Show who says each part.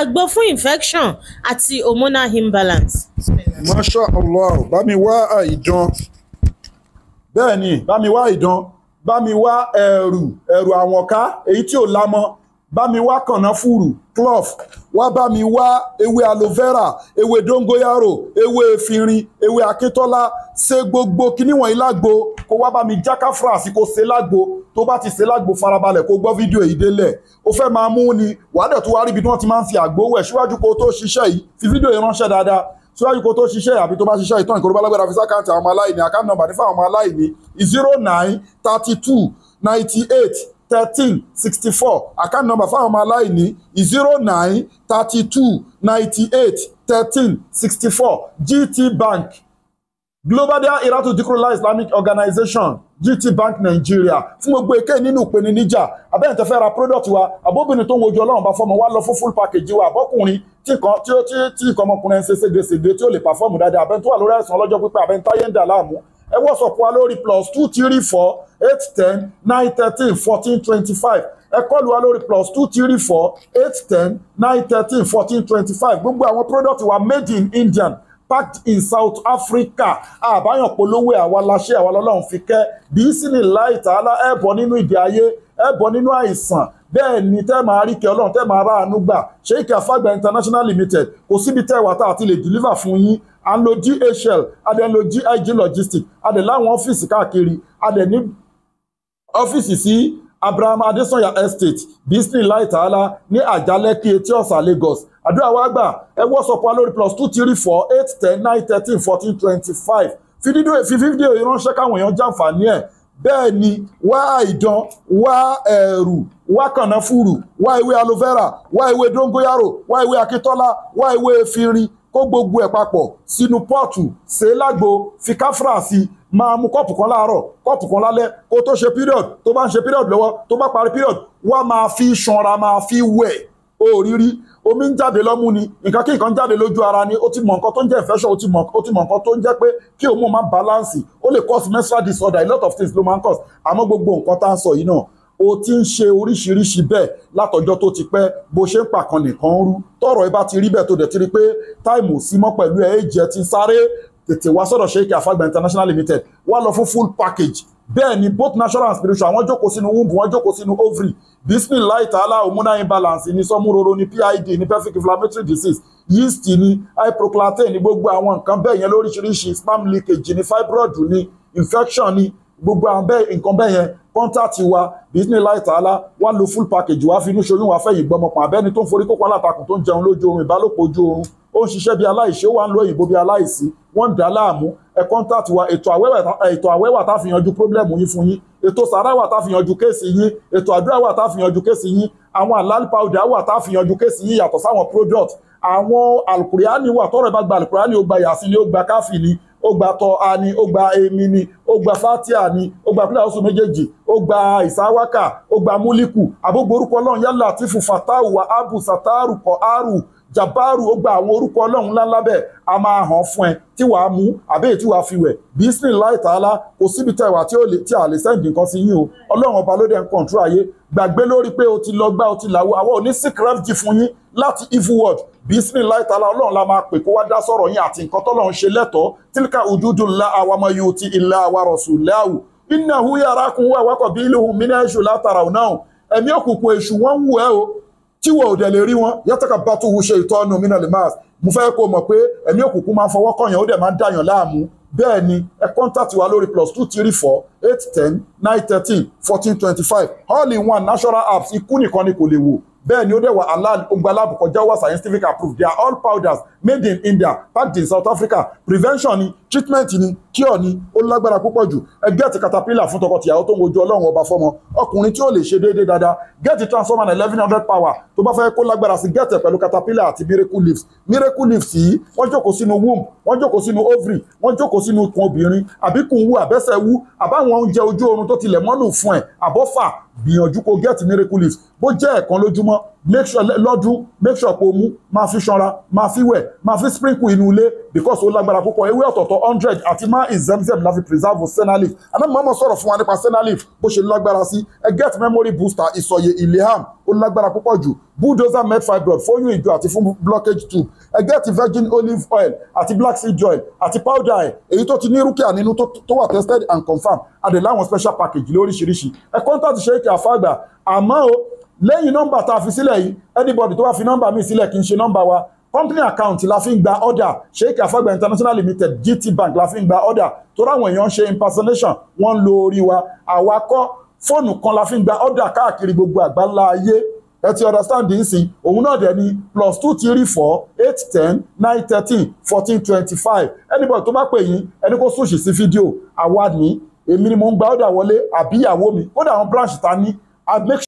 Speaker 1: àgbo fún infection àti hormonal imbalance. masha allah bá mi wá àìdán bẹ́ẹ̀ ni bá mi wá àìdán bá mi wá ẹ̀rù ẹ̀rù àwọn ká èyí tí ò lamọ́ bá mi wá kànáfùrù clove aloe vera Ewe dongoyaro ewé efinrin ewé akíntọ́lá ṣe gbogbo kíní wọ̀nyí lágbo kó wá bá mi já káfra àti kó ṣe lágbo tó bá ti ṣe lágbo farabalẹ̀ kó gbọ́ fídíò yìí délẹ̀ ó fẹ́ máa mú ni wàádẹ̀ tó wá ríbi tí wọ́n ti máa ń fi àgbo wẹ̀ síwájú kó tó ṣiṣẹ́ yìí fi fídíò yìí ránṣẹ́ dáadáa síwájú kó tó ṣiṣẹ́ àbí tó bá ṣiṣẹ́ ìtàn ìkóró bálágbára fi sákàǹtì àwọn ọmọ aláìní àkáǹtì nọ́mbà nífà àwọn ọmọ aláìní zero nine thirty two ninety eight thirteen sixty four àkáǹtì nọ́mbà fáwọn ọmọ aláìní zero nine thirty two ninety eight thirteen sixty four GT Bank Global Dahiratu Dhikrlahi Islamic Organization GT Bank Nigeria fún gbogbo èké nínú ìpinnu níjà abẹ́yẹn tẹ́ fẹ́ ra product wa àbóbìnrin tó ń wojú ọlọ́run bá fọmọ wa lọ fún full package wa àbọ́kùnrin tí nǹkan ọmọkùnrin ń ṣe ségesège tí ó lè perform dáadáa abẹ́yẹn tó wà lórí àìsàn ọlọ́jọ́ pípẹ́ abẹ́yẹn táyé ń dà láàmú ẹ wọ́sọ̀pọ̀ wa lórí plus two three four eight ten nine thirteen fourteen twenty five ẹ kọlù wa lórí plus two three four eight ten nine thirteen fourteen twenty five gbogbo àwọn product wa made in Indian packed in South Africa àbáyàn polówó àwa láṣẹ àwa lọ́lọ́run fi kẹ́ bí sínú láì tààlà ẹ̀bọ nínú ìdí ayé ẹ̀bọ nínú àìsàn bẹ́ẹ̀ ni tẹ́ máa rí kẹ́ ọlọ́run tẹ́ máa bá àánú gbà Sheikh Afagba International Limited kò síbi tẹ́ wà tá àti lè deliver fún yín à ń lo DHL a dẹ̀ ń lo GIG Logistics a dẹ̀ láwọn ọ́fíìsì káàkiri a dẹ̀ ní ọ́fíìsì sí abraham adesanya estate bisney laitaala ní àjálẹ́kí etí ọ̀sà lagos àdúrà wa gbà ẹ wọ́sọ̀pọ̀ alórí plus two three four eight ten nine thirteen fourteen twenty five fi fídíò ìránṣẹ́ káwọn èèyàn jàǹfààní ẹ̀ bẹ́ẹ̀ ni wá àìdán wá ẹ̀rù wá kànáfùrù wá ewé aloe vera wá ewé dóngóyàrò wá ewé akíntọ́lá wá ewé efinrin kó gbogbo ẹ̀ papọ̀ sínú pọ́ọ̀tù ṣe é lágbo fi káfírà ma mu kọ́ọ̀pù kan láàárọ̀ kọ́ọ̀pù kan lálẹ́ kó tó ṣe period tó bá ń ṣe period lọ́wọ́ tó bá parí period wá máa fi ṣanra máa fi wẹ̀ òrírí omi ń jáde lọ́mú ni nǹkan kí nǹkan jáde lójú ara ni ó ti mọ̀ nǹkan tó ń jẹ́ infection ó ti mọ̀ nǹkan tó ń jẹ́ pé kí òun mọ̀ máa balance ó lè cause menstrual disorder a lot of things ló máa ń cause àmọ́ gbogbo nǹkan tá à ń sọ yìí náà o ti ń ṣe oríṣiríṣi bẹ́ẹ̀ látọjọ́ tó ti pẹ́ bó ṣe ń pàkan nìkan rú tọ̀rọ̀ ẹ bá ti rí bẹ́ẹ̀ tó dẹ̀ ti rí pé táìmù símọ́ pẹ̀lú ẹ̀ ẹ̀ jẹ́ ti sáré tètè wá sọ̀rọ̀ Sheikh Afagba International Limited wá lọ fún full package bẹ́ẹ̀ ni both natural and spiritual wọ́n jókòó sínú womb wọ́n jókòó sínú ovary bismillah ta'ala hormonal imbalance Ni sọmúroro ní PID ni pelvic inflammatory disease yeast ní hyperclatin ni gbogbo àwọn nǹkan bẹ́ẹ̀ yẹn lóríṣiríṣi sperm leakage ní fibroid ní infection ní gbogbo àwọn nǹkan bẹ́ẹ̀ yẹn kọ́ńtàtì wa bismillah ta'ala wá lo full package wá fi inú ṣoyún wá fẹ́yìn gbọmọpọ̀ abẹ́ni tó ń forí kókó alátakùn tó ń jẹun lójú oorun ìbálòpọ̀ ojú oorun ó ń ṣiṣẹ́ bí aláìṣe ó wà ń lo òyìnbó bí aláìsí wọ́n ń dà á láàmú ẹ contact wa ètò àwẹ́wà tá a fi yanjú problem yín fún yín ètò sàárà wà tá a fi yanjú kéèsì yín ètò àdúrà wà tá a fi yanjú kéèsì yín àwọn àlàlí wà tá a fi yanjú kéèsì yín yàtọ̀ sáwọn product àwọn alukuriani wà tọrọ ẹ bá gba alukuriani ó gba yasin ni ó gba káfí ni ó gba tọ a ó gba emi ni ó gba fatia ni ó gba pílà ọsùn méjèèjì ó gba ìsáwákà ó gba múlíkù àbógbórúkọ náà yálà tìfù fatahu wa abu sataru kọ aru jabaru ó gba àwọn orúkọ ọlọ́run ńláńlá bẹ́ẹ̀ a máa hàn fún ẹ tí wàá mú àbẹ́yẹ tí wàá fi wẹ̀ bísíní láì tààlà kò síbi tẹ̀wà tí a lè sẹ́ǹdì nǹkan sí yín o ọlọ́run ọba ló dẹ̀ ń kọ̀ǹtú ayé gbàgbé lórí pé o ti lọ gbá o ti làwọ àwọn òní secret jí fún yín láti evil world bísíní láì tààlà ọlọ́run la máa pè kó wá dá sọ̀rọ̀ yín àti nǹkan tọ́lọ́run ṣe lẹ́tọ̀ọ́ tílíkà ojúdú ńlá àwa ọmọ yìí ti ìlà àwa rọ̀sù láwù innahu ẹ̀mí òkùnkùn èṣù wọ́n wù ẹ́ o tí wọ́n ò dẹ̀ lè rí wọn yàtọ̀ka bá tó hu ṣe ìtọ́nu minal mas mo fẹ́ kó mọ̀ pé ẹ̀mí òkùnkùn máa fọwọ́ kọ̀yàn ó dẹ̀ máa ń dàyàn láàmú bẹ́ẹ̀ ni ẹ kọ́ńtàtì wa lórí plus two three four eight ten nine thirteen fourteen twenty five all in one natural apps ikú nìkan ni kò lè wò bẹ́ẹ̀ ni ó dẹ̀ wà halal ogbalabu kọjá wà scientific approved they are all powders made in India packed in South Africa prevention ni treatment ni cure ni ó lágbára púpọ̀ jù ẹ gẹ́ẹ̀tì caterpillar fún tọkọtìyàwó tó ń wojú ọlọ́run ọba fọmọ ọkùnrin tí ó lè ṣe déédéé dáadáa gẹ́ẹ̀tì transformer ní eleven hundred power tó bá fẹ́ kó lágbára sí gẹ́ẹ̀tì pẹ̀lú caterpillar àti miracle leaves miracle leaves yìí wọ́n jókòó sínú womb wọ́n jókòó sínú ovary wọ́n jókòó sínú ikùn obìnrin àbíkùn wú àbẹ́sẹ̀ wú àbáwọn oúnjẹ ojú oorun tó tilẹ̀ mọ́nù fún ẹ̀ àbọ́fà gbìyànjú kó gẹ́ẹ̀tì miracle leaves bó jẹ́ ẹ̀kan lójúmọ́ make sure lọ́dún make sure pé o mú máa fi ṣanra máa fi wẹ̀ máa fi sprinkle inú ilé because ó lágbára púpọ̀ ewé ọ̀tọ̀ọ̀tọ̀ hundred àti máa in zemzem la fi preserve senna leaf anam mọ́mọ́ sọ̀rọ̀ fún wa nípa senna leaf bó ṣe lágbára sí ẹ get memory booster ìsọ̀yè ileham ó lágbára púpọ̀ jù bulldozer med fibroid fóyún ìjọ àti fún blockage tube ẹ get virgin olive oil àti black seed oil àti powder ẹ̀ èyí tó ti ní rúkìá nínú tó wà tested and confirmed adè láwọn special package lóríṣiríṣi ẹ contact ṣe é kí àfàgbà àmọ́ o lẹ́yìn nọ́mbà tá a fi sílẹ̀ yìí anybody tó bá fi nọ́mbà mi sílẹ̀ kì í ṣe nọ́mbà wa company account la fi ń gba order sheik afagba international limited gt bank la fi ń gba order torí àwọn èèyàn ń ṣe impersonation wọ́n ń lo orí wa àwa kọ́ fóònù kan la fi ń gba order káàkiri gbogbo àgbáńlá ayé ẹ ti understand yìí sí òun náà dẹ̀ ni plus two three four eight ten nine thirteen fourteen twenty five anybody tó bá pè yín ẹni kó súnṣì sí fídíò àwa ni èmi ni mo ń gba ọ̀dà wọlé àbí ìyàwó mi kódà àwọn branch ta ní i make sure.